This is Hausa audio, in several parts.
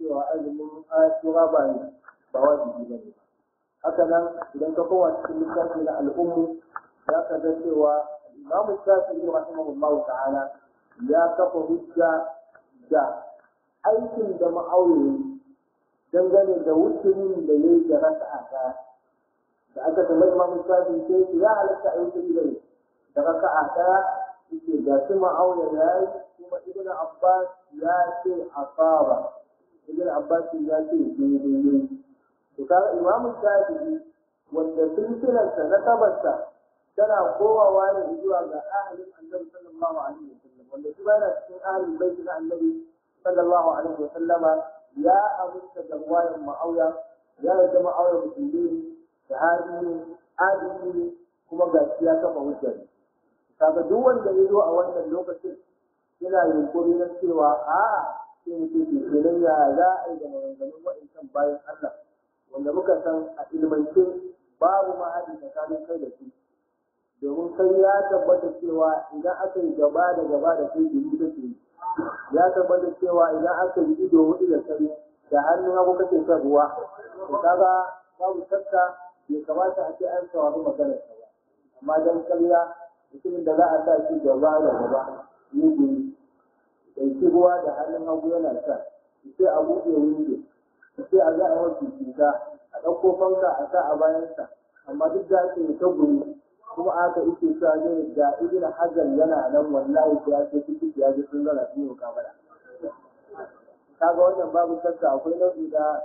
cewa azumin ashura ba ne ba wajibi ba ne haka nan idan ka kowa cikin littafi na al'ummu za ka ga cewa imamu shafi'i rahimahullahu ta'ala ya kafa hujja da aikin da ma'aure dangane da wutumin da ya yi da rasa ɗaya da aka tambayi imamu shafi'i sai ya halatta aikin da da rasa a yake ga su ma'aure ya yi kuma ibn abbas ya ce a fara ibn abbas ya ce daidai to ka imamu shafi'i wanda silsilarsa na tabarsa tana kowawa ne zuwa ga ahalin annabi sallallahu alaihi wasallam wanda shi bana cikin ahalin baiti na annabi sallallahu alaihi wasallama ya aminta da wayan ma'auya ya yarda ma'auya musulmi da hadiyu adili kuma ga shi ya kafa hujjar kaga duk wanda ya zo a wannan lokacin yana yunkuri na cewa a'a shi ne ke kenan ya za a yi da maganganun wa'insan bayan Allah wanda muka san a ilmance babu mahadi tsakanin kai da su domin kai ya tabbata cewa idan aka yi gaba da gaba da kai jiri kake yi ya tabbata cewa idan aka yi ido hudu da kai da hannun hagu kake son ruwa to kaga babu shakka bai kamata a ce an saurari magana, ba amma dan karya mutumin da za a sa shi gaba da gaba ni ɗauki ruwa da hannun hagu yana sa sai a buɗe windo sai a ga a wasu cuta a ɗauko fanka a sa a bayansa amma duk da ake ta gumi kuma aka ike sa ne da ibn hajar yana nan wallahi ko ya ce kici ya ji sun zara sun yoka bada kaga wannan babu shakka akwai nau'i da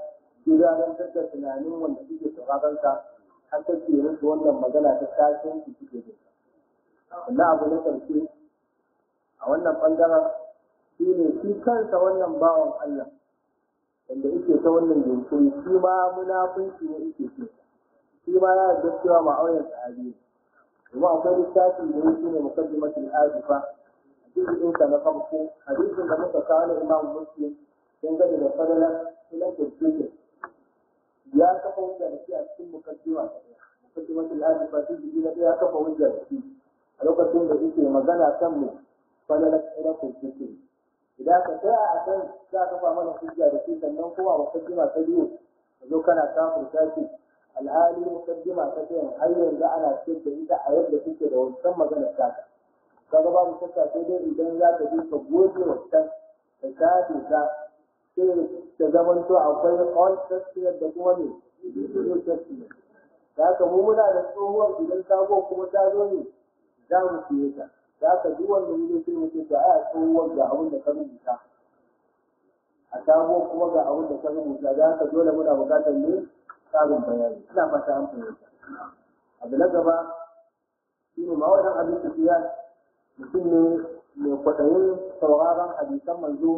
gudanar da tunanin wanda suke ka har ke musu wannan magana ta tashin su suke da na abu na karshe a wannan bangaren. shi ne shi kansa wannan bawan Allah wanda yake ta wannan jinkiri shi ma munafunci ne yake ce shi ma ya yarda cewa ma'auyan sahabi ne kuma akwai littafi da yake ne al azifa hadisin ka na farko hadisin da muka kawo na imam muslim dangane da fadalar sunan jirgin ya kafa hujja da shi a cikin mukaddima mukaddimatu al mukaddimatul azifa jirgin na ya kafa hujja da shi a lokacin da yake magana kan mu fadalar sunan jirgin idan ka tsaya a kan za ka fa mana hujja da shi sannan kuma mukaddima ta biyu ka zo kana kafin tashi alhali mukaddima ta biyu har yanzu ana cikin da ita a yadda kuke da wancan maganar ka kaga babu shakka sai dai idan za ka je ka goge wancan ka shafe ta sai ta zamanto akwai all testament da kuma ne new testament da haka mu muna da tsohuwar idan sabuwar kuma ta zo ne za mu fiye ta da haka duk wanda ya sai mutum da a tsohuwar ga abin da ka rubuta a sabuwar kuma ga abin da ka rubuta da haka dole muna buƙatar ne tsarin bayani ina fata an fahimta abu na gaba shi ne ma wajen abin tafiya mutum ne mai kwaɗayin sauraron hadisan manzo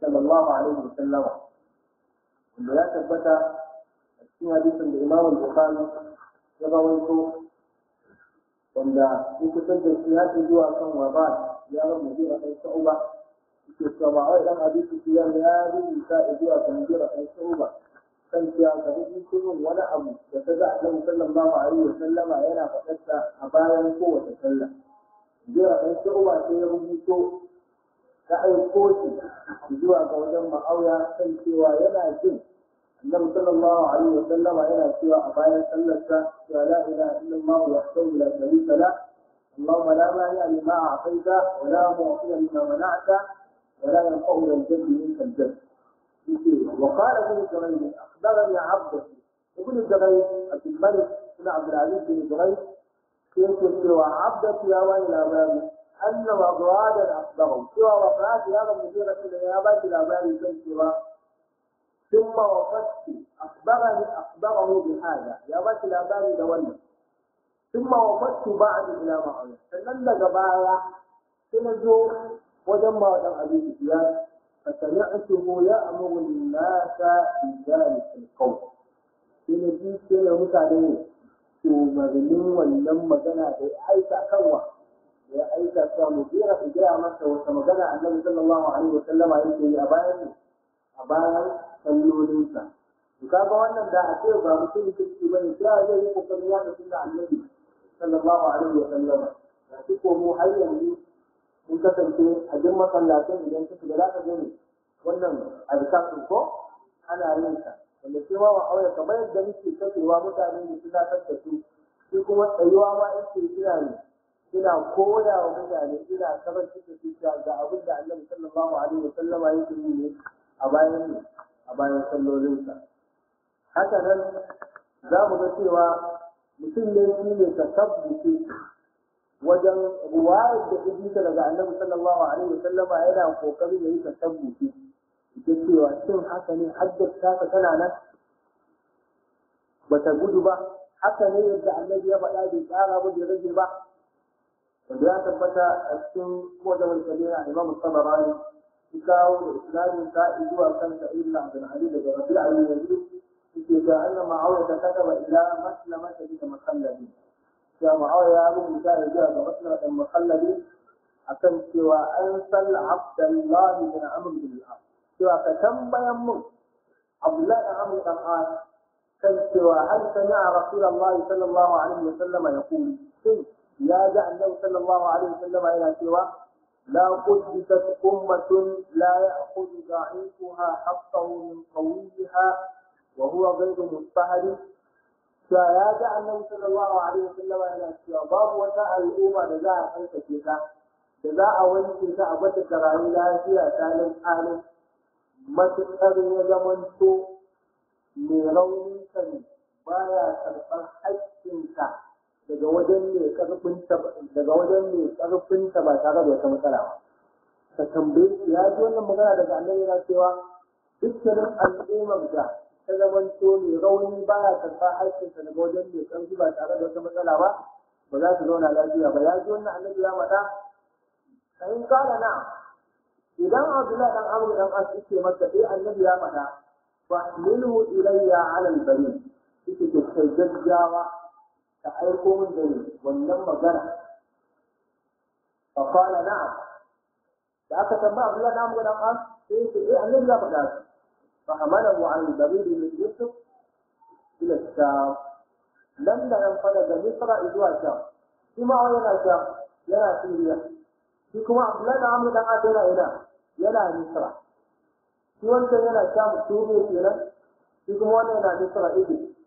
sallallahu alaihi wa sallama wanda ya tabbata a cikin hadisin da imamu bukhari ya ba rawaito wanda sun kusan da su yaƙi zuwa kan waba ya rabu jira ɗan sa'uba ke sama wai ɗan abin su ya rubuta zuwa kan jira ɗan sa'uba kan cewa ka rubu kurin wani abu da ta za a ga musallan a yi wa sallama yana faɗarsa a bayan kowace sallah jira ɗan sa'uba sai ya rubuto ta aiko shi zuwa ga wajen ma'auya kan cewa yana jin النبي صلى الله عليه وسلم وإلى سوى حبايا سلسة sallarsa cewa la الله illallah wahdahu la sharika اللهم لا مانع لما اعطيت ولا معطي لما منعت ولا ينفع إلى الجد منك الجد. وقال ابن جريج اخبرني عبده ابن جريج عبد الملك بن عبد العزيز بن جريج يمكن سوى عبدك يا ويل بابي ان مضرادا اخبره سوى وفاه يا رب مديرة يا بابي لا بابي سوى ثم وفدت أخبرني أخبره بهذا يا باشا الأباني دولي ثم وفدت بعد إلى معاوية فلن جبايا سنزو وجمع دم أبي سفيان فسمعته يأمر الناس بذلك القول سنجي سنة متعلمين umarnin wannan magana da ya aika kanwa da ya aika sa mu jira ku gaya masa wata magana annabi sallallahu alaihi wa sallama yake yi a bayan a bayan kallolinsa. to ba wannan da a ce ba mutum kirki bane sai a zai yi kokarin yaɗa sunna annabi sallallahu alaihi wa sallama Ya ci komo har yanzu mun kasance a duk masallacin idan suka da za ka gani wannan alkafin ko ana yin sa wanda sai ma aure kamar yadda muke kasewa mutane da suna tattace shi kuma tsayuwa ma yake suna ne ina koya wa mutane ina kamar cikin zuciya ga abin da annabi sallallahu alaihi wa sallama yake yi ne a bayan a bayan sallolinsa haka nan za mu ga cewa mutum ne shi ne ta tabbuce wajen ruwayar da ibita daga annabi sallallahu alaihi wasallama yana kokarin ya yi ta tabbuce ita cewa shin haka ne haddasa ta tana nan bata gudu ba haka ne yadda annabi ya faɗa bai tsara ba bai rage ba wanda ya tabbata a cikin kowace wani kabila imam su kawo da islamin sa'i zuwa kan sa'id na abin ali daga rafi ali yanzu suke ga anna ma'aura ta kasa ba ila maslama ta bi da makallabi ya ma'aura ya rubuta ya zuwa ga maslama da makallabi akan cewa an san abdullahi bin amr bin al cewa ka tambayan mun abdullahi bin amr bin al kan cewa hal sami'a rasulullahi sallallahu alaihi wa sallama yaqulu shin ya ji annabi sallallahu alaihi wa sallama yana cewa لا قدست ga لا يأخذ ضعيفها حقه من قويها وهو غير مضطهد ya ga annabi sallallahu alaihi wasallam yana cewa babu wata al'umma da za a tsarkake ka, da za a wanke ta a gwada ta rayu lafiya tsanin tsanin matuƙar ya zamanto mai raunin kan baya karɓar haƙƙinka daga wajen mai karfin ta daga wajen mai karfin ta ba tare da wata matsala ba ka tambaye shi ya ji wannan magana daga annabi yana cewa dukkanin al'ummar da ta zamanto mai rauni ba ya karɓa aikinsa daga wajen mai karfi ba tare da wata matsala ba ba za su zauna lafiya ba ya ji wannan annabi ya faɗa ka in kala na idan abdullahi dan amur dan as yake masa eh annabi ya faɗa fa minhu ilayya ala al-bari yake ke gaggawa ta aiko min da wannan magana fa na. na'am da aka tambaya Abdullah da damu da Qas sai ya ce eh annabi ya faɗa shi fa hamalahu an dabir min Yusuf ila ta. nan da nan fada da Misra zuwa Sham shi ma yana Sham yana Siriya shi kuma Abdullah da Amr da Qas yana yana yana Misra shi wancan yana Sham Suriya kenan shi kuma wani yana Misra Egypt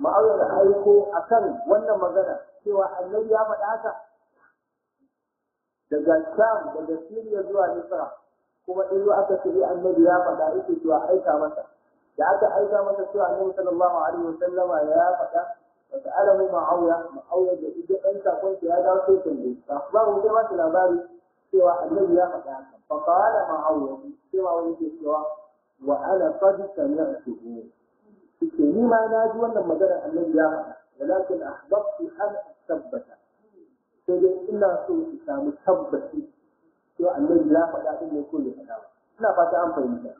ma'auya da aiko a kan wannan magana cewa annabi ya faɗa haka daga sham daga siriya zuwa nisra kuma in zo aka ce annabi ya faɗa yake cewa aika masa da aka aika masa cewa annabi sallallahu alaihi wa sallama ya faɗa wata alamu ma'auya ma'auya da ije ɗan sakon ya dawo sai tambaye ba akhbaru ce ba labari cewa annabi ya faɗa haka fa qala ma'auya sai wani ke cewa wa ana qad sami'tuhu Suke ni ma na ji wannan magana annabi ya faɗa walakin ahbabtu an tabbata sai dai ina so in samu tabbaci to annabi ya faɗa din ne ko ya faɗa ina fata an fahimta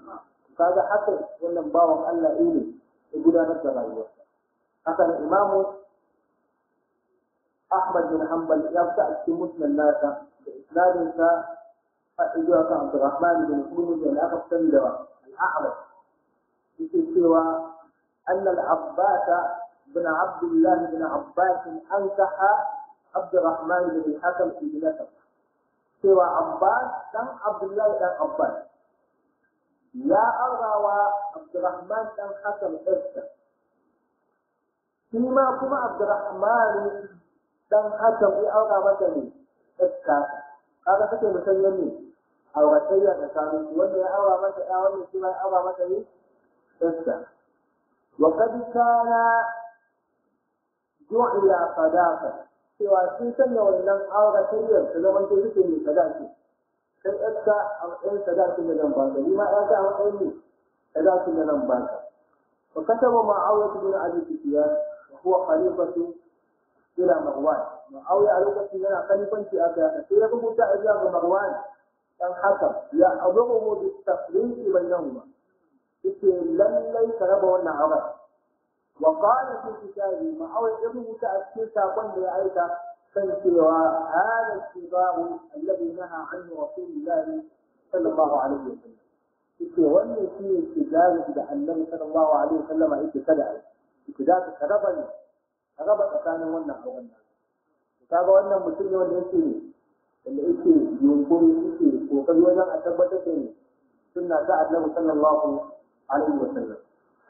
kaga haka wannan bawan Allah ne ya gudanar da rayuwarsa haka imamu Ahmad bin Hanbal ya fita a cikin musnad nasa da isnadinsa faɗi zuwa kan Abdurrahman bin Hulu da aka fitar da al ahmad yake cewa أن العباس بن عبد الله بن عباس أنكح عبد الرحمن بن الحكم في ابنته سوى عباس كان عبد الله بن عباس يا أرى عبد الرحمن كان حكم إفتا فيما كما عبد الرحمن كان حكم في أرى مثلي إفتا هذا فكر مسلمي أو رسيا تسامي وأن يا أرى مثلي أرى مثلي إفتا وقد كان جعل صداقة cewa sun sanya wannan aure tariyar ta zama ta suke mai sadaki sai a matsayin sadakin da zan baka ni ma ƴarka a matsayin ne sadakin da zan baka fa kataba ma'awiyah bin abi sufyan wa huwa khalifatu ila marwan ma'awiyah a lokacin yana khalifanci a kai sai ya rubuta a zuwa ga marwan dan hakan ya abubu bi tafriqi bainahuma yake lallai ka raba wannan auren wa qala fi kitabi ma aure ibn musa a cikin sakon da ya aika kan cewa hada tibahu alladhi naha anhu rasulullahi sallallahu alaihi wasallam yake wannan shi ne ke tijabi da annabi sallallahu alaihi wasallam yake kada ai yake da ka raba ne ka raba tsakanin wannan auren kaga wannan mutum ne wanda yake ne wanda yake yunkuri yake kokari wajen a tabbatar da ne sunna ta annabi sallallahu عليه وسلم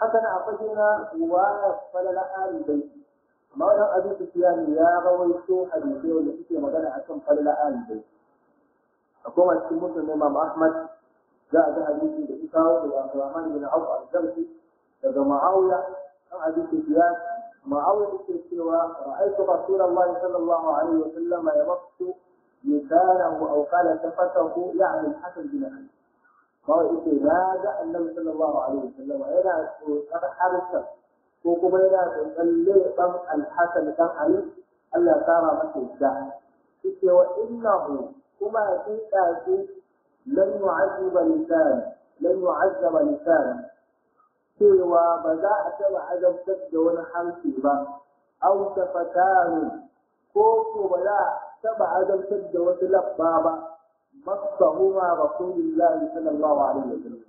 حتى نعطينا رواية فلل آل البيت مولا أبي سفيان يا رويتو حديثي ولا ما مغانا أكم قال آل البيت أقوم أشكي مسلم إمام أحمد جاء ذا حديثي بإساو إلى الرحمن بن عوف الزمسي لدى معاوية أم أبي سفيان معاوية سوى رأيت رسول الله صلى الله عليه وسلم يمص لسانه أو قال سفته يعني الحسن بن علي قال لماذا النبي صلى الله عليه وسلم yana tsotsar harshen ko kuma yana tsotsar leɓen alhassan dan ali Allah ya kara masa yadda suke wa innahu kuma haƙiƙa shi lan yu'azziba lisan lan yu'azzaba lisan cewa ba za a taɓa azabtar da wani harshe ba aw tafatanu ko ko ba za a taɓa azabtar da wasu labba ba مصهما رسول الله صلى الله عليه وسلم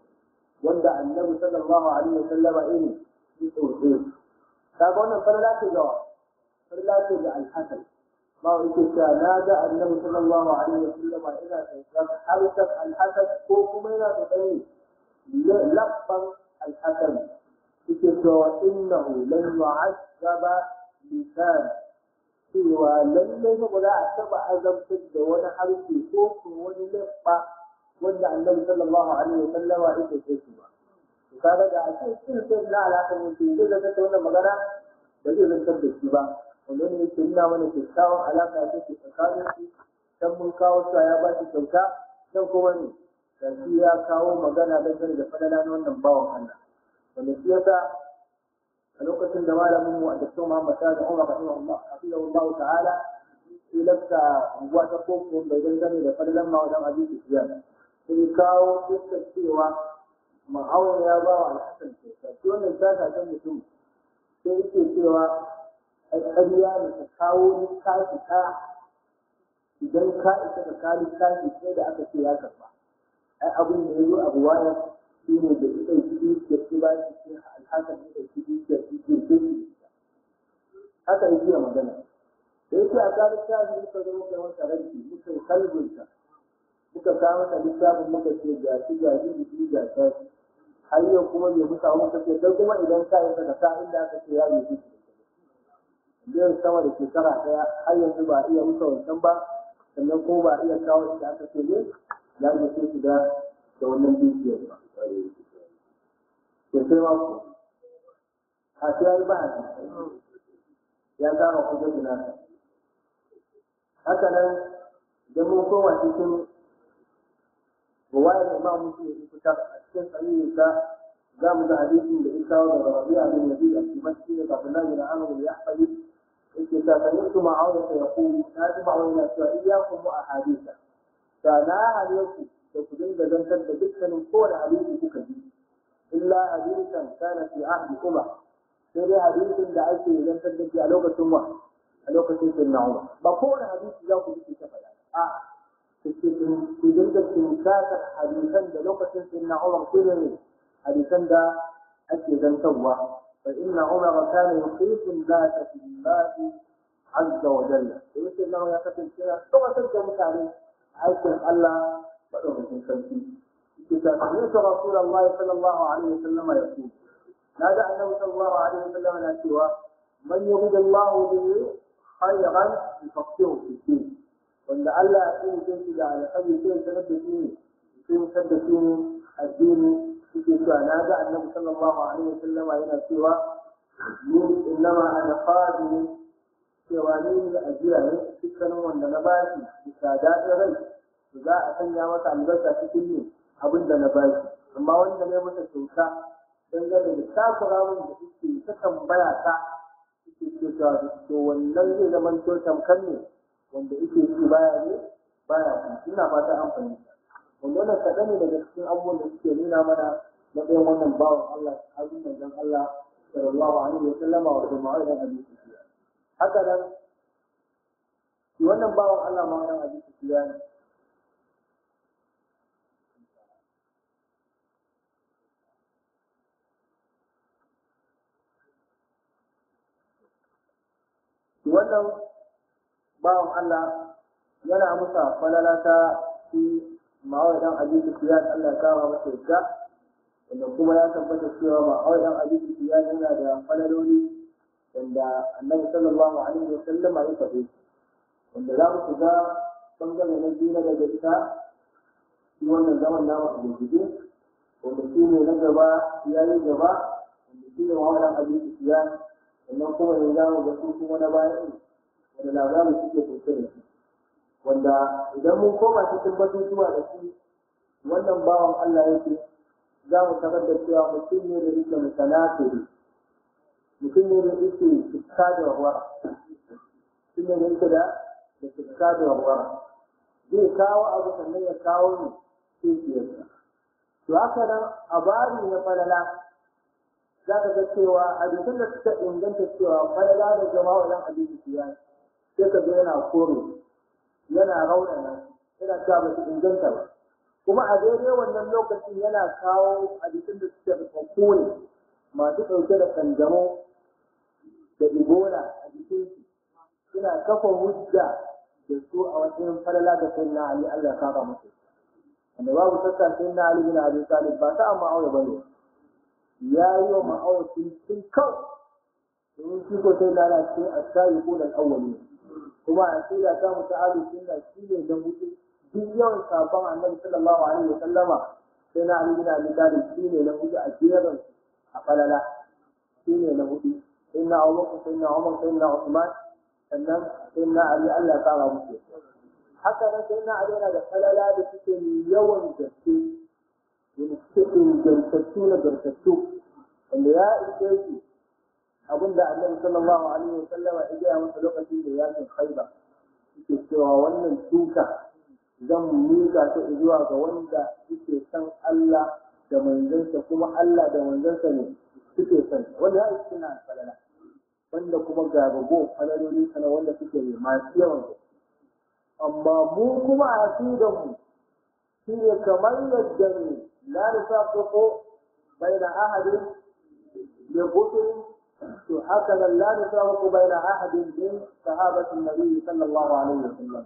وندع النبي صلى الله عليه وسلم في يتوزيه طيب، فقالنا فلا تدع فلا تدع الحسن ما إذا نادى النبي صلى الله عليه وسلم إلى تجوى حرثت الحسن فوق إلى تجوى لقبا الحسن إذا إنه لن يعذب لسانه cewa lallai ba za a taba azabtar da wani harshe ko ko wani lamba wanda annabi sallallahu alaihi wa sallam ya ce shi ba to kaga da a ce kin sai na alaka mun ce da ta wannan magana da zai zantar da shi ba wanda ne yake nuna mana kyakkyawan alaka ta ke tsakanin su dan mun kawo sa ya ba shi kyauta dan kuma ne shi ya kawo magana da da fadala na wannan bawan Allah wanda shi yasa a lokacin da malamin mu a daktar Muhammad Sadi Umar rahimahullah allah ta'ala sai lafta unguwa ta koko bai dangane da fallan ma wajen abinci tafiya sai kawo fuskar cewa ma'auna ya ba wa alhassan kyauta shi wannan ta kasan mutum sai yake cewa ai ƙarya ne ka kawo littafi ka idan ka isa ka kawo littafi sai da aka ce ya karba ai abin da ya yi a buwayar shi ne da ita shi ke ba shi sai haka ne da shi da shi ke shi haka ne shi magana da yake a tsarin tsarin ka zo muka masa ranki muka kalbinta muka kawo masa littafin muka ce ga shi ga shi jiki ga shi har yau kuma bai muka muka ce kai kuma idan ka yi sadaka inda aka ce ya yi jiki zai sama da shekara daya har yanzu ba iya musa wancan ba sannan kuma ba iya kawo shi aka ce ne ya yi shi da wannan dukiyar ba. Sai ma a ya yi bahasi ya kama hujjoji nasa haka nan da mun koma cikin ruwayar imam muslim ya fitar a cikin sahihin sa za mu ga hadisin da isa wa da rabi'a bin nabi a cikin masjid da abdullahi bin amr bin yahfali yake ta sami'tu ma'awiyata yaqulu na ji ma'awiyata cewa iyyakum wa ahadisa da na hare ku da ku dinga zantar da dukkanin kowane hadisi kuka ji illa hadisan kana fi ahdi umar sai dai hadisin da ake zantar da shi a lokacin wa a lokacin sun na'u ba kowane hadisi za ku bi ta faɗa a cikin ku dinga tinkata hadisan da lokacin sun na'u ku ne hadisan da ake zantarwa fa inna umar kana yuqitu zata fi lillahi azza wa jalla sai sai nan ya kasance ya tabbatar da mutane aikin Allah madaukakin sarki kita sami rasulullah sallallahu alaihi wasallam ya ce na ga annabi sallallahu alaihi wasallam na cewa man yuridu Allah bihi khayran yufaqihu fi din wanda Allah ya yi shi da alƙawari ya sanar da shi ne sai ya sanar da shi ne addini yake cewa na ga annabi sallallahu alaihi wasallam yana cewa ni innama ana qadir cewa ni ne ajira ne dukkanin wanda na ba shi bisa daɗin rai za a sanya masa albarka cikin ne abin da na ba amma wanda ne masa kyauta dangane da takurawan da suke ta tambaya ta suke cewa to wannan zai zama to tamkar ne wanda yake yi baya ne baya ne ina fata an fahimta wanda wannan kaɗan ne daga cikin abubuwan da suke nuna mana na ɗayan wannan bawan Allah sahabin manzon Allah sallallahu alaihi wa sallama wa jama'a da Abu Sufyan haka nan wannan bawan Allah ma wannan Abu Sufyan wannan bawan Allah yana musa falala ta fi ma'awai dan abi sufyan Allah ya kama masa yadda wanda kuma ya tabbata cewa ma'awai dan abi sufyan yana da falaloli wanda annabi sallallahu alaihi wa sallam ya faɗi wanda za mu shiga bangare na biyu na daga ita shi wannan zaman na masu bincike wanda shi ne na gaba ya yi gaba wanda shi ne ma'awai dan abi sufyan sannan kuma ne za mu ga su kuma na baya ne wanda labarin suke kusa da shi wanda idan mun koma cikin batutuwa da shi wannan bawan Allah yake za mu tabar da cewa mutum ne da yake mutanafiri mutum ne da yake cikka da warwara mutum ne da yake da da da warwara zai kawo abu sannan ya kawo ne sai to haka nan a bari na falala za ka ga cewa jikin da suka inganta cewa falala da jama'a wa hadisi abin da sai ka zo yana kore yana raunana yana sa ba su inganta ba kuma a daidai wannan lokacin yana kawo jikin da suka da kokone masu ɗauke da ƙanjamo da ibola a su suna kafa hujja da su a wajen falala da sai na ali Allah ya kaka musu wanda babu sassa sai na ali bin abin talib ba ta amma aure ne. ya yi wa ma'aurin sun kawai domin shi ko sai lalace a sayi ƙulan awwali kuma a sai samu ta hali sun da shi ne da mutu duk yawan sabon annabi sallallahu alaihi wa sallama sai na ali yana da talib shi ne na mutu a jerin a falala shi ne na mutu sai na abubakar sai na umar sai na usman sannan sai na ali allah ya kama mutu haka nan sai na ali yana da falala da suke yawan gaske ingantattu na gartattu wanda ya ishe su abin da annabi sallallahu alaihi wa sallama ya gaya masa lokacin da yakin haiba. Suke cewa wannan shuka zan mika ta zuwa ga wanda suke san Allah da manzansa kuma Allah da manzansa ne suke san wanda ya isa na falala wanda kuma gabago falaloli sana wanda suke masu yawan amma mu kuma a mu shine kamar yadda ne la bai baina ahadin ya gudu to haka nan la bai baina ahadin min sahabatin nabi sallallahu alaihi wasallam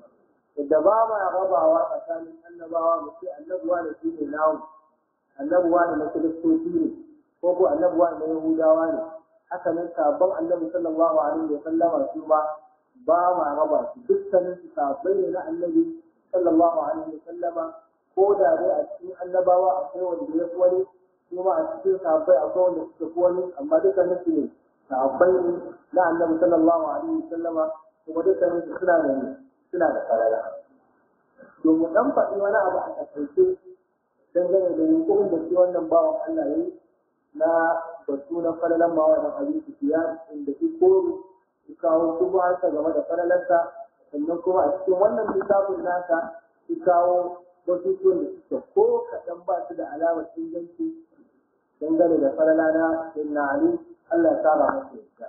da ba ma rabawa tsakanin annabawa mu ce annabuwa ne shi ne nawo annabuwa ne na kiristoci ne ko ko annabuwa ne na yahudawa ne haka nan sabon annabi sallallahu alaihi wasallama su ba ba ma raba su dukkanin su sabai ne na annabi sallallahu alaihi wasallama ko da dai a cikin annabawa akwai wanda ya fi wani kuma a cikin sahabbai akwai wanda suka fi amma dukkanin su ne sahabbai ne na annabi sallallahu alaihi wasallama kuma dukkanin su suna da suna da farala domin dan faɗi wani abu a takaice dangane da yunkurin da shi wannan bawan Allah ya yi na batu na falalan mawa da abin sufiyan inda shi koro su kawo su game da falalarsa sannan kuma a cikin wannan lissafin nasa su kawo batutuwan da suke ko kaɗan ba su da alamar inganci dangane da faralana na inna ali Allah ya saba masa yadda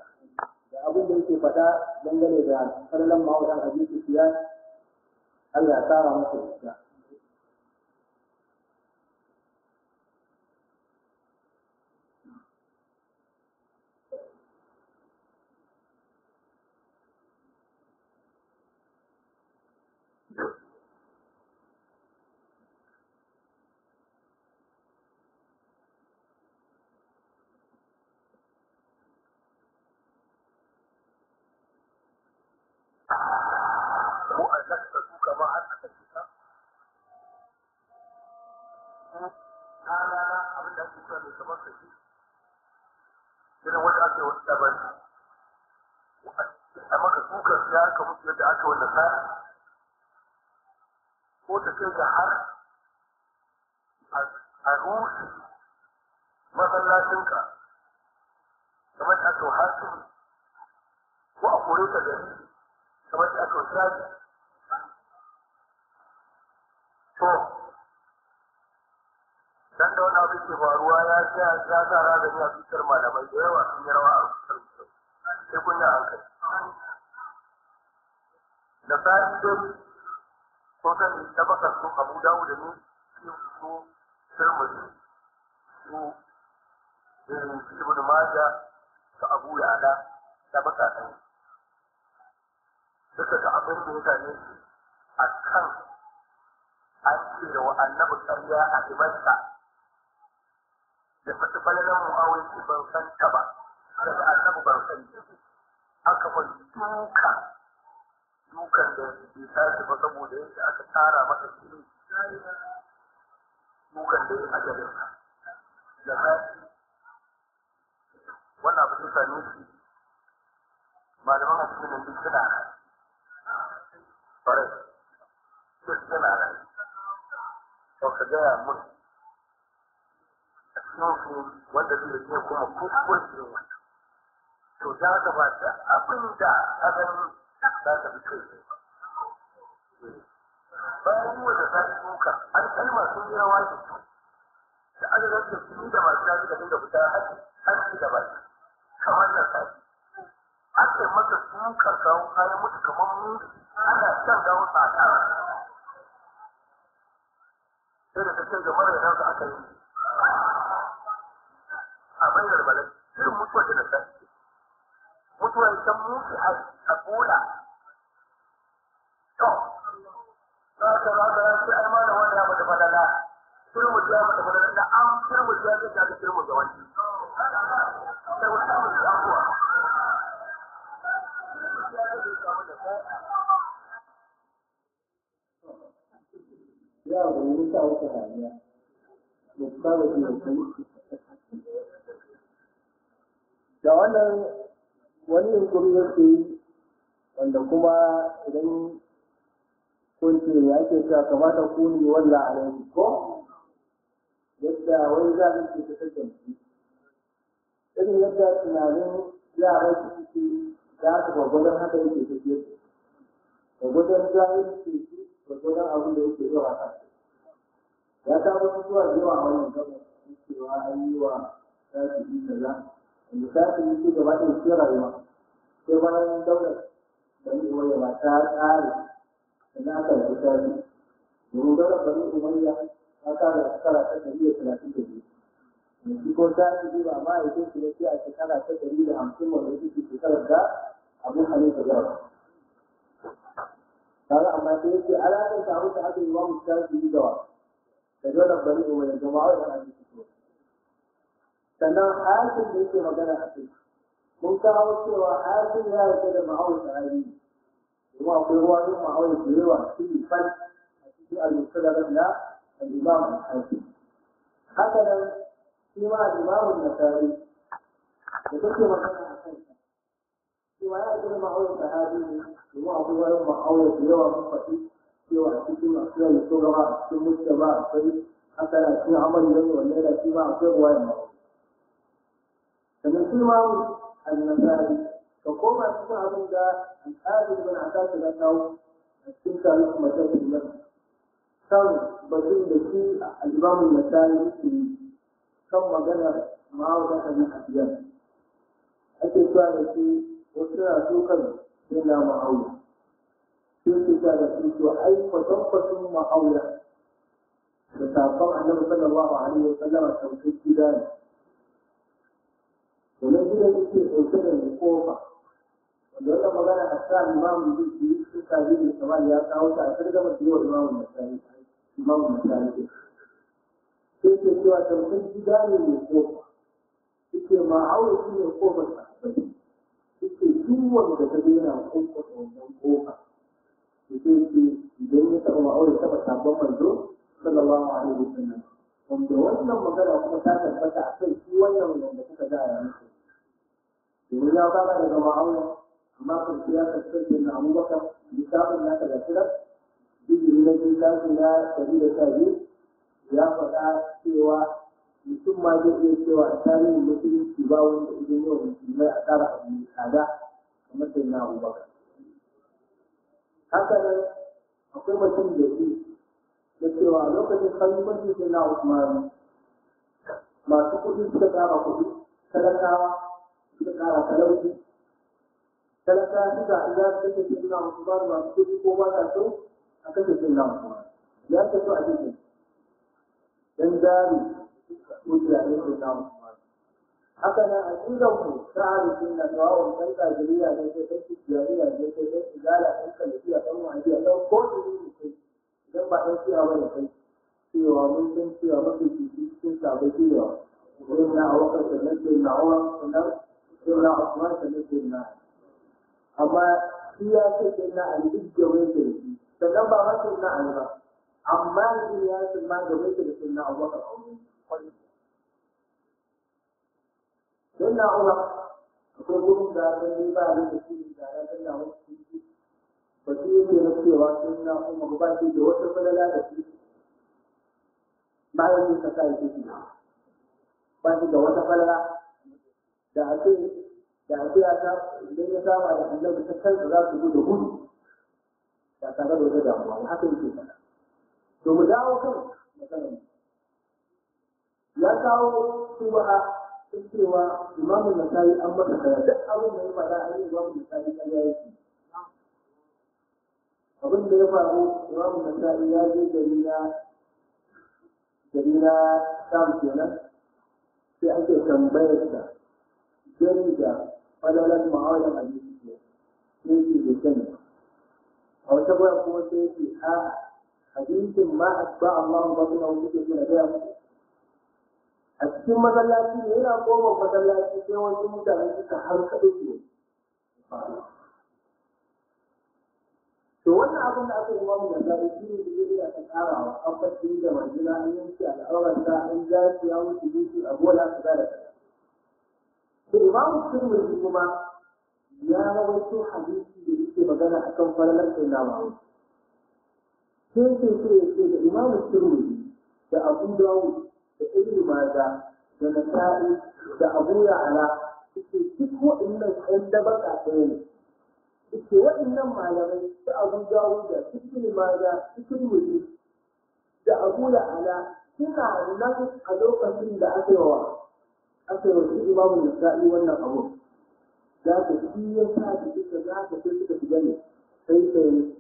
da abin da yake faɗa dangane da faralan ma'auran hadisi siyas Allah ya saba masa yadda abin ke faruwa ya sa ya sa ra da ya fitar malamai da yawa sun yi rawa a fitar mutum sai kun yi hankali da sa'in dai ko kan tabakar su abu dawo da ne su sirmuri su ibn maja su abu ya ala tabaka ɗan duka da abin da ya gane shi a kan an ce wa annabi ƙarya a himarsa da faɗi falalan mu'awaiti ban san ta ba daga annabi ban san aka mai duka dukan da bai tashi ba saboda yadda aka tara masa jini dukan da ya ajalin sa da wannan abu da same shi malaman addinin duk suna farai duk suna rai to ka gaya mun shauku wanda zai iya kuma kuskuren wannan to za ka ba ta abin da ka gani za ka fi kai ne bayan yi da sani duka an kalma sun yi rawa da su da adadin da su da masu tafi da dinga fita haƙi haƙi da baki kamar na sani aka yi masa dukan gawon kayan mutu kamar mu ana shan gawon sa sai da ta ce ga mara yanzu aka yi hanyar balan irin mutuwa ta da sassi mutuwar ta mutu a bola to za ka za ka yanci ai ma da wanda ya mata fadala turmuzi ya mata fadala da an turmuzi ya zai ta da turmuzi wani sai wani samun da abuwa turmuzi ya zai samu da ya wuri ta wata hanya da ta wata yankin da wannan wani yunkuri yake wanda kuma idan kun ce ne ke sa kamata ku ne wallah a rai ko yadda wani za a ke ta kasance irin yadda tunanin yara su suke za su gwagwadon haka yake tafiye gwagwadon jahil su su gwagwadon abin da yake zuwa kan ya kawo zuwa yawa wannan gaba cewa an yi wa za su yi kaza lissafin yake gaba ɗaya sai rayuwa sai bayan daular da bani umayya ta ƙare sannan aka yi tsari domin daular bani umayya ta ƙare a shekara ta ɗari da talatin da biyu yanzu ko ta yi biyu amma ya ce shi sai a shekara ta ɗari da hamsin wanda ya ce shekarar da abu halitta yawa kaga amma sai yake alaƙar ta wuce aka yi wa mutum ta yi da wa da daular bani umayya jama'a da hadisi sannan hasin da yake magana a kai mun kawo cewa hasin ya yi da ma'awar sahabi kuma akwai ruwa yin ma'awar da yawa cikin fal a cikin al da al-imam al-hakim haka nan shi ma al-imam al-nasari da take magana a kai cewa ya yi da ma'awar sahabi ne kuma akwai ruwa yin ma'awar da yawa mun faɗi cewa a cikin masu yawa da shugaba a cikin a akwai haka na cikin amal yau da wanda yana shi ma akwai ruwa yin ma'awar sannan su al annasari ka koma cikin abin da al'adun bin asasi na kawo a cikin tarihin matar da kan batun da shi al'imamun nasari yake kan magana ma'aurata na hadiyar ake cewa da shi wasu na sukan sai na ma'aura sai ke cewa da shi to ai kwatankwacin ma'aura da safon annabi sallallahu alaihi wa sallama tamkai gida ne Wani gidan yake ɗauke da kofa wanda wannan magana a sa imamun zuci su kaji da kamar ya kawo ta a targama su yi wa imamun masari imamun masari sai ke cewa tamkar gida ne mai kofa suke ma'aure shi ne kofar sahabbai suke duk wanda ta daina kofa wannan kofa suke ce idan ya taɓa ma'aure taɓa sabon manzo sallallahu alaihi wasallam wanda wannan magana kuma ta tabbata a kai shi wannan wanda kuka ga a yanzu domin ya fara daga ma'auya amma kan ya kasar da na abubakar lissafin na daga shirar duk da yin lissafin ya ɗari da sha biyu ya faɗa cewa mutum ma zai iya cewa a tarihin musulunci ba wanda idan yawan musulmai a tsara abu mai tsada kamar da na abubakar haka nan akwai mutum da shi da cewa lokacin kalimanci da na usmani masu kuɗi suka tsara kuɗi talakawa ƙara talauci talaka su ga za su na musu ba da su kuɗi ko ba ta so a kashe su na musu ya ta so a jikin dan jari ko jari su na musu haka na a cikin mu ta tsawon ɗan kajiriya ne ko ɗan kujiyariya ne ko ɗan igala ɗan kalifiya ɗan wajiya ɗan ko ɗiri ne kai idan ba ɗan ciya ba kai cewa mun san cewa mafi cikin sabon ciyawa wurin na a wakar sannan sai na sannan suna Usman sannan suna amma shi ya ce sai na a duk da wani da shi sannan ba ma suna Ali ba amma shi ya ce ma da wai da suna Abubakar Sunna Umar akwai gurin da ta yi ba da shi da ya sanna wasu ba shi yake na cewa sunna Umar ba shi da wata falala da shi bayan yin kasa yake ba shi da wata falala da ake ya ta idan ya saba da annabi ta kansa za su gudu gudu da tare da wata damuwa haka yake faɗa to mu dawo kan matsalar ya kawo subaha cewa imamu sayi an masa kaya duk abin da ya faɗa a yi imamu sayi an ya yake abin da ya faru imamu sayi ya je gari na gari na sam kenan sai ake tambayar sa don da falalar ma'aunin abinci ne yake da sani a wata baya kuma sai ce a abincin ma asba Allah ba suna wuce suna gaya musu a cikin masallaci ne yana koma masallaci sai wasu mutane suka har kaɗe su to wannan abin da aka yi mamu da zaɓi shi ne da zai iya tsarawa an fasiri da majina an yanke al'aurar da an zafi ya wuce dutse a bola su da kaza imam tirmidhi kuma ya rawaito hadisi da yake magana akan falalar sayyidina Muhammad sai sai sai ya ce da imam tirmidhi da abu dawud da ibnu maza da nasa'i da abu ya'la suke duk waɗannan ɗan dabaka ɗaya ne suke waɗannan malamai da abu dawud da ibnu maza, da tirmidhi da abu ya'la suna nan a lokacin da aka yi wa aka yi wasu da nisa'i wannan abu za ka shi ya sa ka duka za ka sai suka shiga ne sai ka yi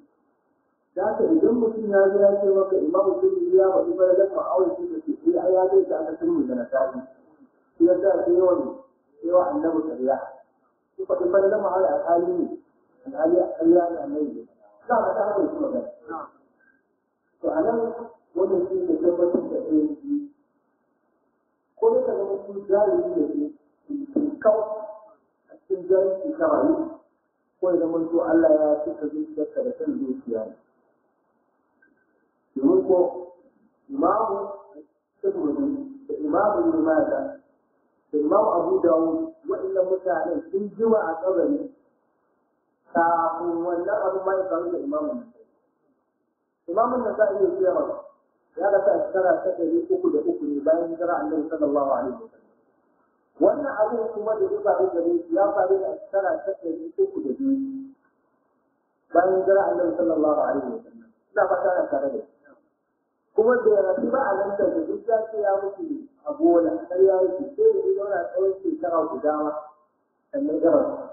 za ka idan mutum ya zo ya ce maka imamu sun yi ya faɗi bayan da aure shi ka ce sai ai ya zai ta aka sun mu da nasa'i shi ya sa sai yawan yawa annabi ƙarya shi faɗi bayan da hali a hali ne alhali a ƙarya ne za ka ta haka yi magana to a nan wannan shi ne tabbatar da ɗaya ko ne kaga mutum jahili ne ke kau a cikin jahilci ta rayu ko ya zama to Allah ya cika zuciyarka da san zuciya ne domin ko imamu tirmidhi da imamu limada da imamu abu dawud waɗannan mutanen sun jima a kabari kafin wannan abu ma ya faru da imamu nasa'i imamu nasa'i ya ce yawa ya rasu a shekara ta ɗari uku da uku ne bayan jira an annabi sallallahu alaihi wasallam wannan abin kuma da ya faru gare shi ya faru a shekara ta ɗari uku da biyu bayan jira an annabi sallallahu alaihi wasallam ina ba ta tare da kuma da rasu ba a nan da duk ya ce ya mutu a gona har ya mutu, ce sai ya zauna tsawon shekara guda ma sannan gaba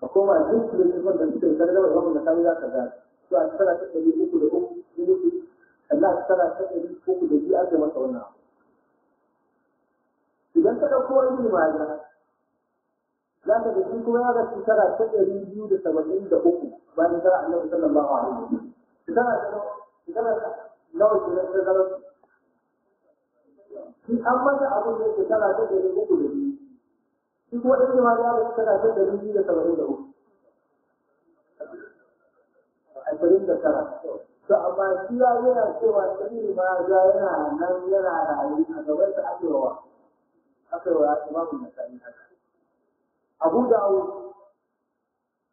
ka koma duk da da suke karɓar wani da kai za ka ga to a shekara ta ɗari uku da uku Allah tana sanya ko ku da ji ake masa wannan abu idan ka ɗauko wani maja za ka ga shi kuma ya ga shekara ta ɗari biyu da saba'in da uku bayan shara annabi sallallahu alaihi wa sallam shekara ta shekara ta nawa kenan ta zama shi an mata abin da shekara ta ɗari uku da biyu shi kuma ɗan ma ya ga shekara ta ɗari biyu da saba'in da uku ashirin da tara to amma shi ya yana cewa tsiri ma ya yana nan yana da rayu a gaban sa ake wa aka wa imamu nasa'i haka abu da awu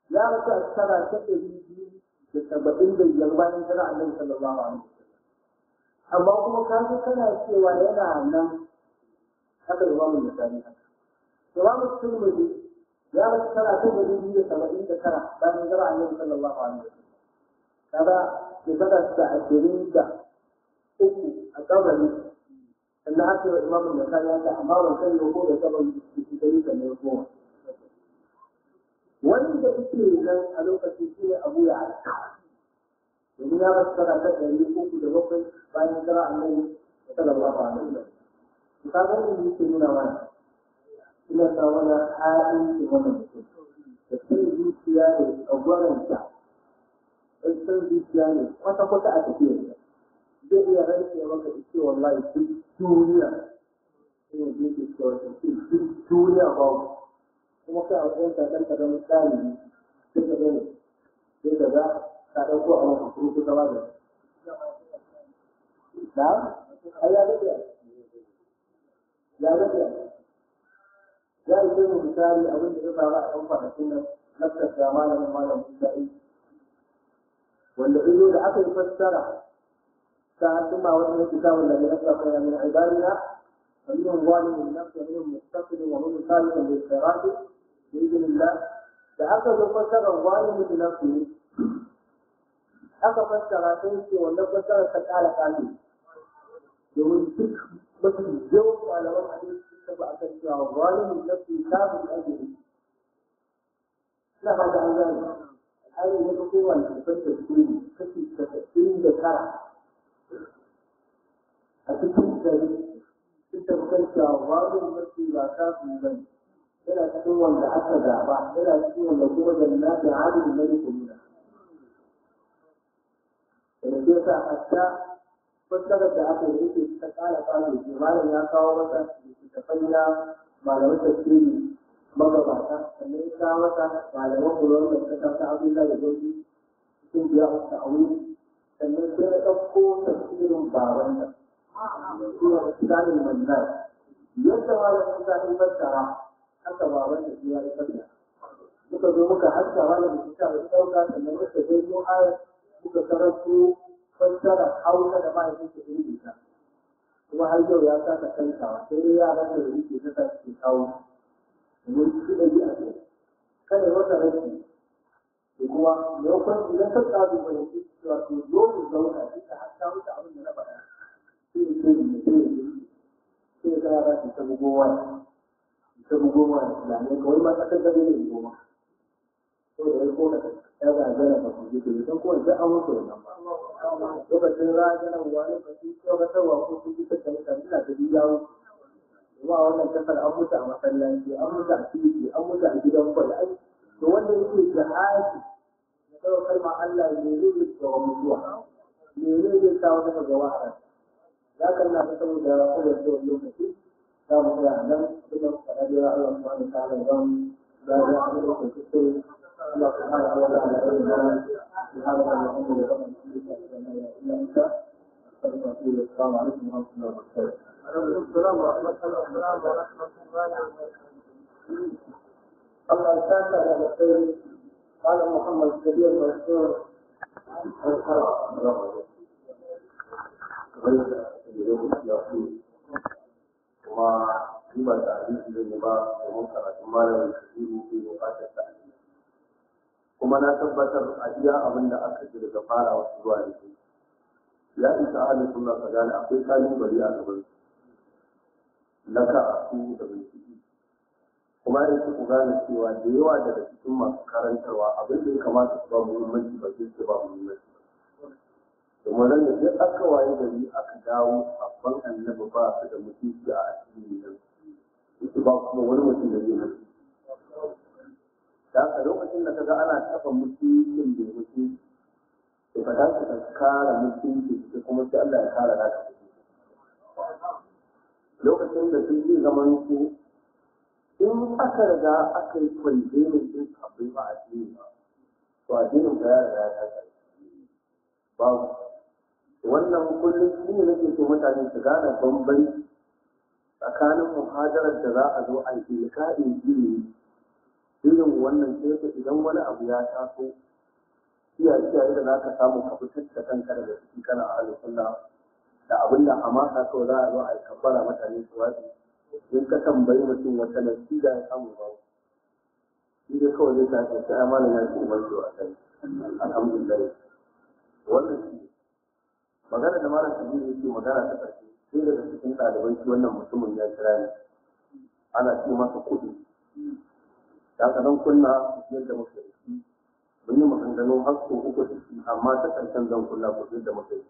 ya rasa tara ta ɗari biyu da saba'in da biyar bayan jira annabi sallallahu alaihi wasallam amma kuma ka ga kana cewa yana nan haka imamu nasa'i haka imamu tirmidhi ya rasa tara ta ɗari biyu da saba'in da tara bayan jira annabi sallallahu alaihi wasallam kaga shekarar da ashirin da uku a kabari sannan aka yi imamun da kan yata amma ban ko da kabari da shekaru kamar goma wani da yake nan a lokacin shi ne abu ya alƙa domin ya rasu tara ta ɗari uku da bakwai bayan tara annabi da sallallahu alaihi wa sallam nuna ina sa wani wannan da zuciya da san zuciya ne kwata kwata a tafiya zai iya rantsa maka da ce wallahi duk duniya ne zai ke cewa duk duniya ba kuma kai a wajen kakan ka zama tsari sai ka zama sai ka za ka ɗauko a wani hakuri ko zama da na a ya rage ya rage ya yi mu misali abin da ya faru a kan kwanakin nan na kasa malamin malamin sa'i والذي يقول عقل فسره فأنتم ما وجد الكتاب الذي أسرق من عبادنا فمنهم ظالم النفس ومنهم مستقل ومنهم خالق للخيرات بإذن الله فعقل فسر الظالم بنفسه عقل فسر تنسي والنفس فسر فتعالى قاتل يقول فيك بس الجو على وضع حديث تبع تنسي الظالم النفس كافر أجله لا هذا عن ذلك har yi wata kowa da ban da su kashi saba'in da tara a cikin gari duk da kan cewa wani mafi ba ta su bane yana cikin wanda aka zaba yana cikin wanda kuma da na da halin malikin da da ke sa hatta fassarar da aka yi ta kara kano malam ya kawo masa da shi ta fanya malamai tafsiri magabata sannan ta wata malaman koyon da suka ta abdullahi da gobi sun biya a ta'awi sannan sai na ɗauko tafsirin baban da suna da tsarin manzar yadda malamin ta yi fassara haka baban da shi ya yi fassara muka zo muka haska malamin da ta yi ɗauka sannan muka zo mu ayar muka karanto fassara hausa da mahaifin ta ingilta kuma har yau ya sa kasa kankawa sai dai yaran da yake ta sa su kawo mun shi da a kai kada wata rashi kuma tsari ba yanzu cewa Yau mu zauna shi ka hatta wuce abin da na faɗa sai ya ce mu sai ya yi sai ya kara rashi ta bugo wani ta bugo wani kawai ma tsakar da ne goma ko da ya kona ya gagara ba ku ji ke don kowa sai an wuce wannan ba lokacin ranar wani ba su kyau ga tawa ko su ji ta kamar Ina ta biya wuce zuwa wannan kasar an mutu a masallaci an mutu a titi an mutu a gidan kwal ai to wanda yake jihadi na kawo kalma Allah ne zai yi ga mutuwa ne zai kawo daga ga wahala ya kalla ta saboda kowace wani lokaci za mu ga nan kuma kada da Allah subhanahu wa ta'ala don da ya yi da kuskure Allah subhanahu wa ta'ala ya yi da subhanahu wa ta'ala ya yi da السلام عليكم ورحمه الله وبركاته. السلام ورحمه الله وبركاته. الله يسامحك على خير قال محمد الكبير مشهور kuma riba da abinci da ba domin karatun malamin shiru ke bukatar ta kuma na tabbatar a iya abin da aka ji daga fara wasu zuwa da shi ya isa ahalin suna ka gane akwai kalubale a gaban su a karatu da bincike kuma ya ce ku gane cewa da yawa daga cikin masu karantarwa abin da ya kamata su ba muhimmanci ba sai su ba muhimmanci domin ran da duk aka waye gari aka dawo abban annabi ba su da mutunci a addini nan su ba kuma wani mutum da zai mutu da haka lokacin da ka ga ana taɓa mutuncin bai mutunci to ka tashi ka kara mutunci da kuma sai Allah ya kara naka lokacin da sun zai zaman su in aka riga aka yi kwanje ne sun sabai ba a cikin ba to a addinin ka ya riga ya kasa babu wannan kullum shi ne nake so mutane su gane bambanci tsakanin muhajarar da za a zo a yi ilka'in jini irin wannan sai idan wani abu ya taso iyaye iyaye da za ka samu ka fitar da kanka daga cikin kana a sunna da abin da hamasa kawai za a zo a yi kabbara mutane su wasu in ka tambayi mutum wata nasida ya samu ba shi dai kawai zai tafi sai amana ya ce mai a kai alhamdulillah wannan shi magana da mara sabi ne ke magana ta ƙarshe sai daga cikin ɗaliban shi wannan mutumin ya kira ni ana ce masa kuɗi da ka nan kunna yadda muke mun yi maganganu har uku amma ta ƙarshen zan kula kuɗin da muka yi.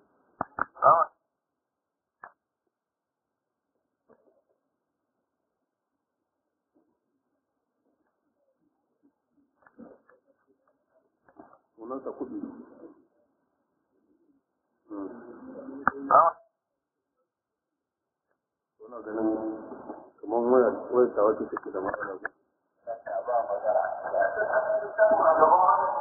Sunansa kuɗi. Suna ganin kamar wayar wayar ta wata da matsala. Ba magana.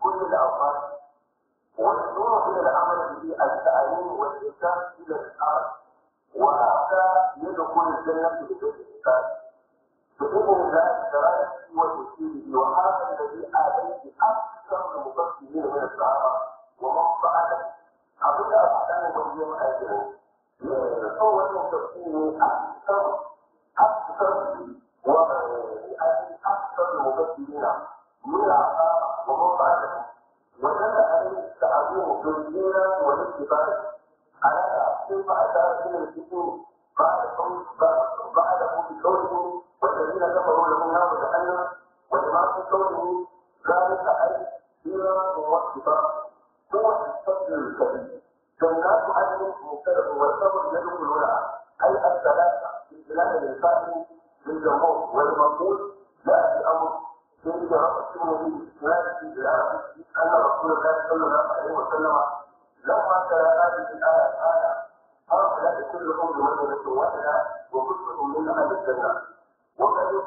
كل الأوقات والنور إلى العمل به التعليم والإنسان إلى الأرض وهذا يدخل الجنة بغير الإنسان بإذن الله دراسته وتسيره وهذا الذي آتيت أكثر المفسرين من الصحابة ومن فعله أبدا أحسن وجه أجره هو المفسرين أكثر أكثر وأكثر المفسرين من الصحابة وهو قائد وكان أن تعظيم جزئين والاتفاق على تعظيم أثار من الكتب بعدهم بعدهم بقوله والذين كفروا لهم نار جهنم وجماعة قوله ذلك أي سيرة واتفاق هو الفضل الكبير جنات عدن مبتدأ والصبر يدخلونها أي الثلاثة في بلاد الإنسان للجمهور والمقبول لا في أمر من جواب الترمذي ما في دلاله ان رسول الله صلى الله عليه وسلم لما ترى هذه الايه قال هؤلاء كلهم بمنزله واحده وكلهم من اهل الجنه وقد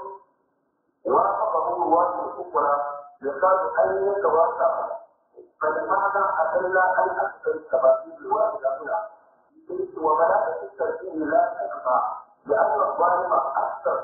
وافقه الوالد الاخرى ان يتوافق فلماذا اقل ان اكثر التفاصيل الوارده هنا وملائكه الترتيب لا تنفع لان الظالم اكثر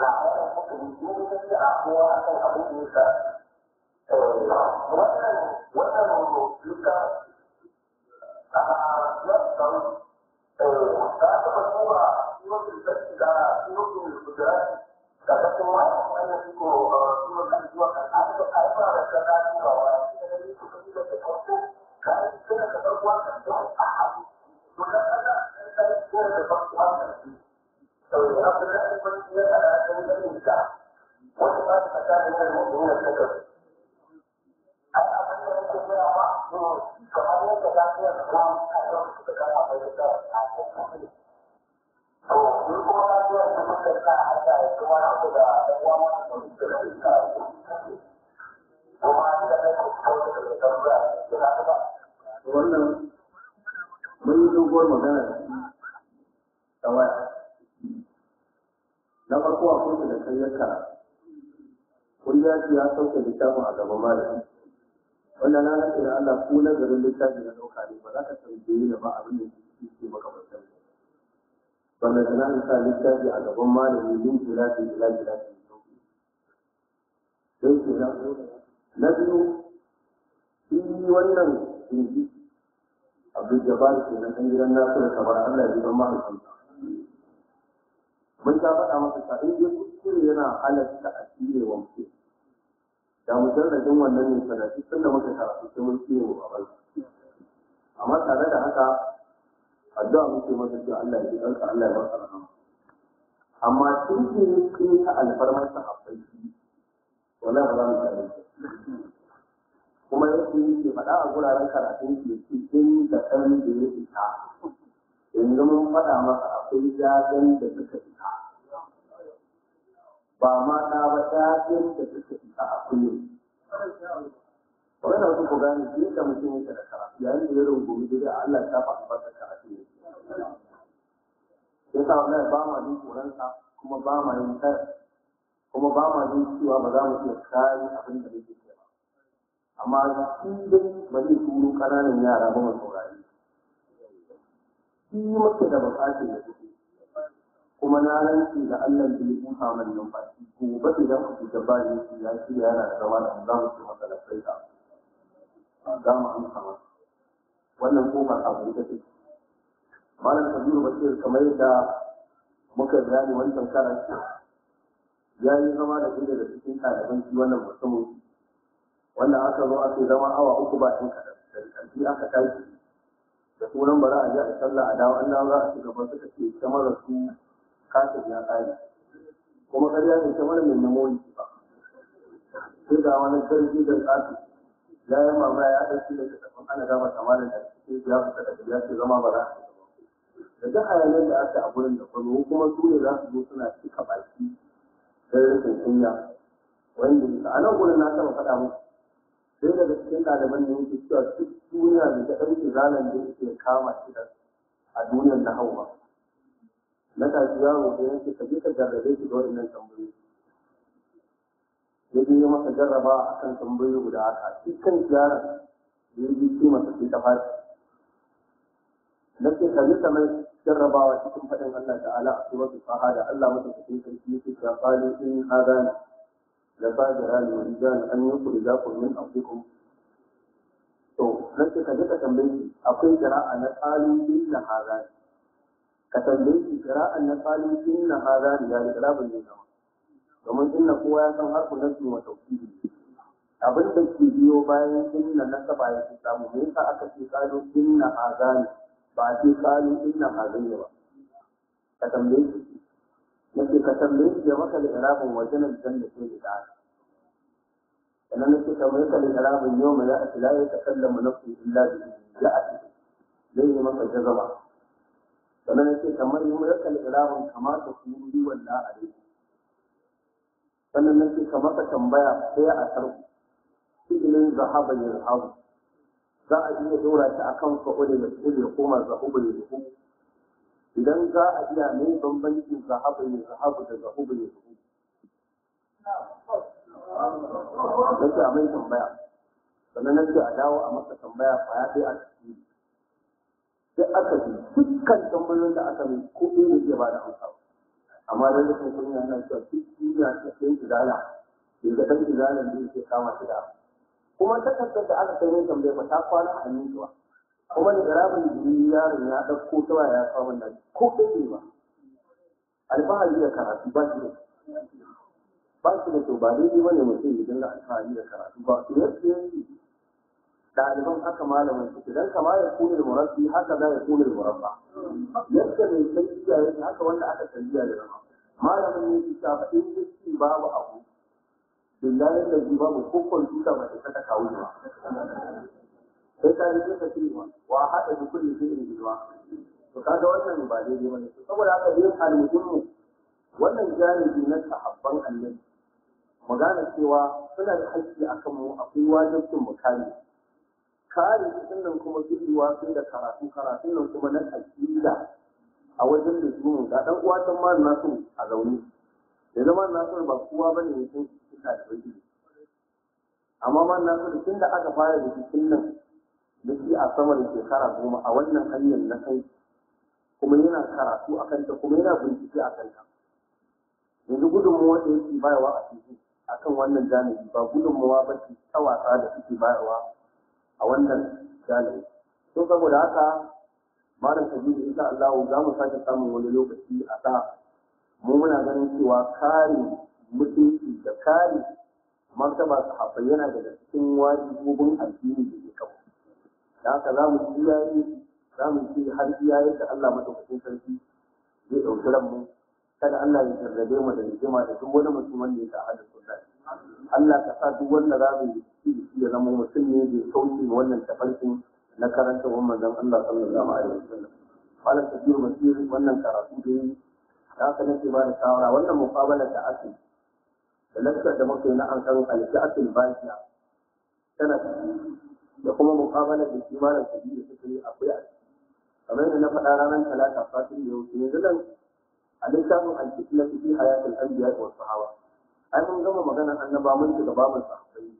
العوامل الحكمية هو أن القضية لك وأن وأن لك يفضل فهذا مشروع في وقت في وقت الحجرات فقد الله أن يكون في وقت الوقت عدد أربعة كتابة وعندما يكون في وقت الحجرات كانت سنة تقوى أحد wannan mun yi magana waya na a kuma da kayyarka kun ya ya sauke littafin na nake da Allah ko nazarin littafi na ɗauka ne ba za ka tambaye da ba abin da ballantana in sa littafi a gaban malami yin gilafi gila gilafi da sauki sai ke da na biyu shi wannan kirji abdul jabbar ke na kan gidan nasu da kamar allah ya zama mahaifinsa mun ta faɗa masa ta in dai kuskure yana halatta a cire wa mutum da jin wannan ne sanadi tun da muka karatu sai mun cire wa baban amma tare da haka addu'a muke masa cewa Allah ya ɗauka Allah ya ba ka amma sun ce ya ce ta alfarmar sahabbai wala ba za mu tare kuma yake yake faɗa a guraren karatun ke cikin in da ɗan da ya fita yanzu mun faɗa maka akwai zagan da suka fita ba ma ta ba zagan da suka fita a kullum Wani su ku gane shi da mutum yake da karatu yayin da ya rungumi gida Allah ta faɗa masa karatu ne Ya sa wannan ba ma jin tsoronsa kuma ba ma yin kar kuma ba ma jin cewa ba za mu iya kare abin da muke kai ba amma shi dai ba zai turo ƙananan yara ba mu saurari shi muke da buƙatar da suke kuma na rantsi da Allah da ya kusa mana numfashi gobe idan ku fita ba ya ce ya ce yana da zama da za mu ce masa da sai ka za mu amsa masa wannan kofar abu ita take malam kabiru bashir kamar yadda muka gane wancan karan ya yi zama da inda da cikin ɗaliban shi wannan mutumin wannan aka zo aka zama awa uku ba ɗin kaɗan da ƙarfi aka tashi da sunan bara a ji a sallah a dawo an za a shiga suka ce kamar da su kafin ya ƙare kuma ƙarya ne kamar mai namoni ba sai ga wani karfi da tsafi ya yi mamaya ya ɗauki da ta ana gaba tamanin da cikin ya fita da ya ce zama bara da ga hayanar da aka a gurin da kwano kuma su ne za su zo suna cika baki da rikin kunya wanda bisa a nan gurin na sama faɗa muku sai daga cikin ɗaliban ne yake cewa duk duniya da ta ɗan zanen da yake kama shi da a duniyar na hawa na tafi yaro da yake ka je ka jarrabe shi da waɗannan tambayoyi ya je masa jarraba a kan tambayoyi guda haka shi kan yaron da ya ji ce masa sai ta fashi lalle ka rika mai jarrabawa cikin faɗin Allah ta'ala a suratul faha da Allah madaukakin sarki yake cewa qalu in hadana la fajirani wa rijal an yukhrijakum min anfusikum to lalle ka rika tambayi akwai jara'a na qalu in hadana ka tambayi shi qira'an na qalu in hadana ya rika ban ne domin inna kowa ya san harfin nasu wa tawkidi abin da ke biyo bayan inna nasaba ya samu me yasa aka ce qalu inna hadana ba ce kalu inna hadira ka tambaye shi nake ka tambaye shi ya maka da irabin wajen da janna ce da ta'ala sannan nake tambaye ka da irabin yau mai ya'ati la yatakallamu nafsun illa bi ya'ati zai yi maka jazaba sannan nake kamar yau mai ya'ati irabin kamar ta kuma yi wannan a dai sannan nake kamar ka tambaya sai a sarku fi'ilin zahaba yanzu za a iya dora ta akan ya koma kuma zahubul zuhub idan za a iya mai bambancin zahabul zahabu da zahubul Na ce a mai tambaya sannan na ce a dawo a masa tambaya kwaya ɗaya a ciki sai aka ji dukkan tambayoyin da aka mai ko ɗaya ne ba da hausa. amma da rashin kunya yana cewa duk duniya ta sai izala bai ga ɗan ne da yake kama shi da kuma takardar da aka kai min tambaye ba ta kwana a amintuwa kuma da irabin jini yaron ya ɗauko ta ya kawo nan ko kai ne ba alfahari da karatu ba shi ba shi da kyau ba daidai ba ne mutum ya dinga alfahari da karatu ba su yadda ya yi ɗaliban haka malamin su idan kama ya kone murabbi haka za ya kone murabba yadda mai tarbiyya yake haka wanda aka tarbiyya da zama malamin ya ce ta faɗin babu abu billahi da ji babu ko kwamfuta ba ta saka kawo ba sai ka yi ta cewa wa hada da kullu shi'in bilwa to ga wannan ba dai-dai daidai bane saboda haka dai almuhimmu wannan janibi na sahabban annabi mu gane cewa suna da haƙƙi akan mu akwai wajibcin mu kare kare cikin nan kuma gudunwa sun da karatu karatun nan kuma na aƙida a wajen da su ga ɗan uwa can ma nasu a zaune da zama nasu ba kowa bane mutum da bai amma man na so tun da aka fara da cikin nan da shi a sama da shekara goma a wannan hanyar na kai kuma yana karatu a kanta kuma yana bincike a kanta yanzu gudunmuwa da yake bayarwa a cikin a kan wannan jami'i ba gudunmuwa ba ce ta wasa da suke bayarwa a wannan jami'i to saboda haka malam kabiru insha Allah za mu sake samun wani lokaci a sa mu muna ganin cewa kare mutunci da kare martaba sahabbai yana daga cikin wajibobin addini da ke kawo da haka za mu ci yayi za mu ci har iya yadda Allah madaukakin sarki zai ɗauki ranmu kada Allah ya jarrabe mu da rigima da duk wani mutum wanda ya ta'ada da Allah ka sa duk wanda za mu yi shi ya zama mutum ne da sauki wannan tafarkin na karanta wa manzon Allah sallallahu alaihi wasallam malam tafiyu masir wannan karatu da yi da haka nake ba da shawara wannan muqabala da ake da lakcar da muka yi na an karo alka'atul bashiya tana da kuma muƙabalar da kimanin kuɗi da suka yi akwai a kamar yadda na faɗa ranar talata fatin da yau yanzu nan a littafin alkitab na fi hayatul anbiya wasu hawa. ai mun gama magana annaba mun shiga babun sahabbai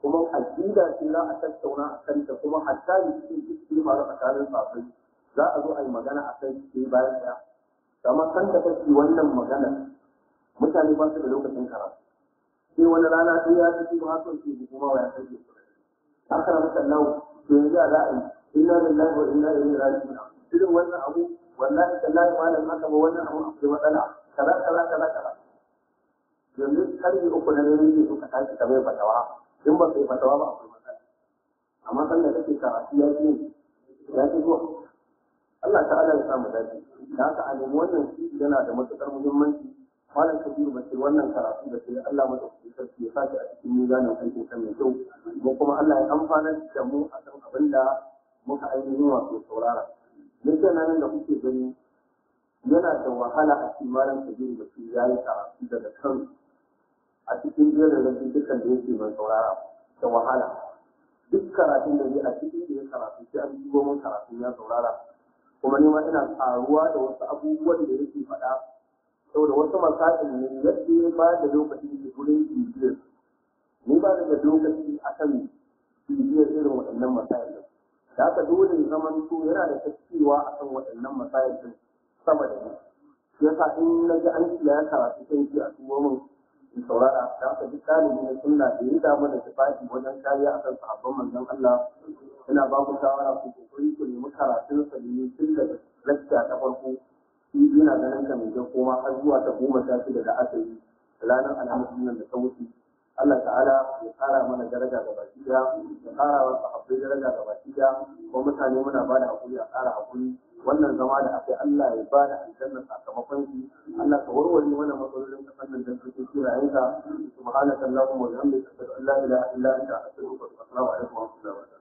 kuma aqida ce za a tattauna a kan ta kuma hatta da cikin cikin faru a tsarin sahabbai za a zo a yi magana a kan shi bayan ɗaya kamar kan da kake wannan maganar. mutane ba su da lokacin karatu sai wani rana sai ya fi kuma hakan ke kuma waya sai sake haka na mutan nau to yanzu a za'a yi inna lillahi wa inna ilaihi raji'un irin wannan abu wallahi tallahi malam haka ba wannan abu akwai matsala kaza kaza kaza kaza yanzu karni uku na nan ne suka tashi ka bai fatawa in ba kai fatawa ba akwai matsala amma san da kake karatu ya ce ya ce zuwa Allah ta'ala ya samu dadi da haka a nemi wannan yana da matukar muhimmanci malam kabiru ba ce wannan karatu da ce Allah madaukaki sarki ya sake a cikin mizanin aikin sa mai kyau mu kuma Allah ya amfana da mu a kan abin da muka ainihin wato saurara ce nan da kuke gani yana da wahala a cikin malam kabiru da sai yayi karatu daga kan a cikin jerin da dukkan da yake mai saurara da wahala duk karatun da yake a cikin da ya karatu sai an dubo mun karatun ya saurara kuma ni ma ina karuwa da wasu abubuwan da yake faɗa saboda wasu masakin ne yadda ya ba da lokaci da gurin bibiyar ni ba da lokaci a kan bibiyar irin waɗannan masakin da aka dole zaman to yana da tafkewa a kan waɗannan masakin sama da ni shi yasa in na ji an kila ya karatu kan shi a turo min in saurara da aka ji ɗalibi na sunna da ya damu da tufafi wajen kariya kan sahabban manzon Allah yana ba ku shawara ku kokari ku nemi karatun sa ne tun daga lakta ta farko shi yana ganin ka mai koma har zuwa ta goma sha shida da aka yi ranar alhamis nan da ta wuce Allah ta'ala ya kara mana daraja ga baki da ya kara wa sahabbai daraja ga baki da ko mutane muna bada hakuri a kara hakuri wannan zama da akai Allah ya bada aljanna sakamakon shi Allah ka warware mana matsalolin kasan nan da suke kirayen ka subhanaka allahumma wa bihamdika ashhadu la ilaha illa anta astaghfiruka wa atubu